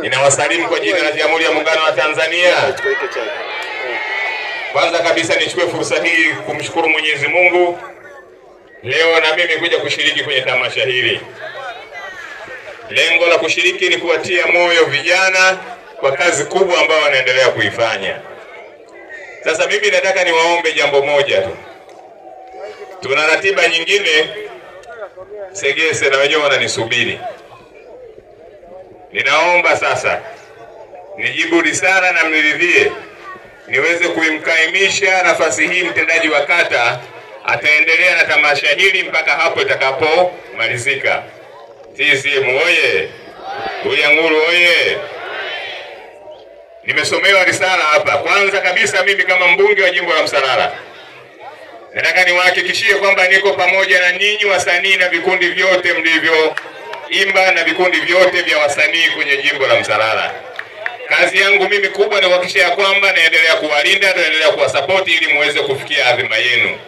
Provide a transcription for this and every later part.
Ninawasalimu kwa jina la Jamhuri ya Muungano wa Tanzania. Kwanza kabisa nichukue fursa hii kumshukuru Mwenyezi Mungu leo na mimi kuja kushiriki kwenye tamasha hili. Lengo la kushiriki ni kuwatia moyo vijana kwa kazi kubwa ambayo wanaendelea kuifanya. Sasa mimi nataka niwaombe jambo moja tu, tuna ratiba nyingine Segese na wenyewe wananisubiri. Ninaomba sasa nijibu risala na mniridhie niweze kuimkaimisha nafasi hii mtendaji wa kata ataendelea na tamasha hili mpaka hapo itakapomalizika. CCM oye! Uyang'uru oye! Nimesomewa risala hapa. Kwanza kabisa, mimi kama mbunge wa jimbo la Msalala nataka niwahakikishie kwamba niko pamoja na ninyi wasanii na vikundi vyote mlivyo imba na vikundi vyote vya wasanii kwenye jimbo la Msalala. Kazi yangu mimi kubwa ni kuhakikisha ya kwamba naendelea kuwalinda, naendelea kuwasapoti ili muweze kufikia adhima yenu.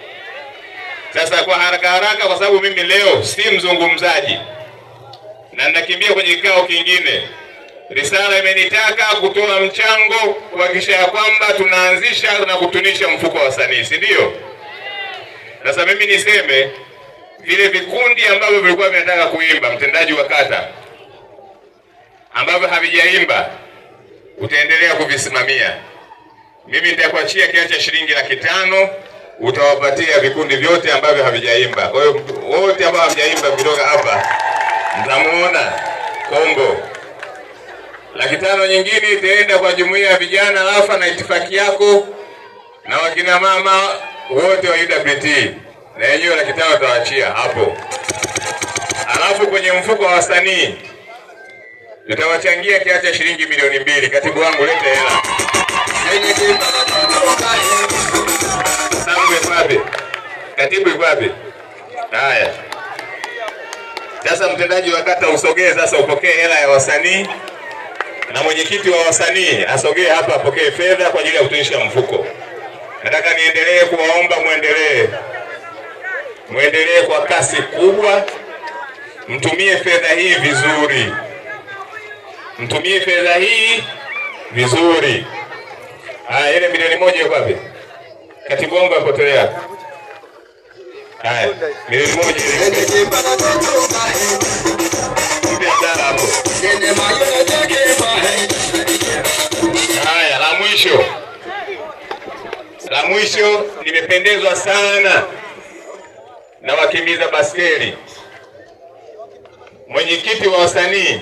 Sasa kwa haraka haraka, kwa sababu mimi leo si mzungumzaji na nakimbia kwenye kikao kingine, risala imenitaka kutoa mchango kuhakikisha ya kwamba tunaanzisha na kutunisha mfuko wa wasanii, si ndio? Sasa mimi niseme vile vikundi ambavyo vilikuwa vinataka kuimba, mtendaji wa kata, ambavyo havijaimba utaendelea kuvisimamia. Mimi nitakuachia kiasi cha shilingi laki tano utawapatia vikundi vyote ambavyo havijaimba. Kwa hiyo wote ambao havijaimba kutoka hapa mtamuona Kongo. Laki tano nyingine itaenda kwa jumuiya ya vijana Lafa na itifaki yako na wakina mama wote wa UWT na yenyewe laki tano hapo, alafu kwenye mfuko wa wasanii tutawachangia kiasi cha shilingi milioni mbili. Katibu wangu lete hela Katibu ikwapi? Haya, sasa mtendaji wa kata usogee sasa, upokee hela ya wasanii na mwenyekiti wa wasanii asogee hapa apokee fedha kwa ajili ya kutunisha mfuko. Nataka niendelee kuwaomba mwendelee mwendelee kwa kasi kubwa, mtumie fedha hii vizuri, mtumie fedha hii vizuri. Ah, ile milioni moja iko wapi? Katibu wangu apotelea. Haya, milioni moja Haya, la mwisho la mwisho, nimependezwa sana na wakimbiza baskeli, mwenyekiti wa wasanii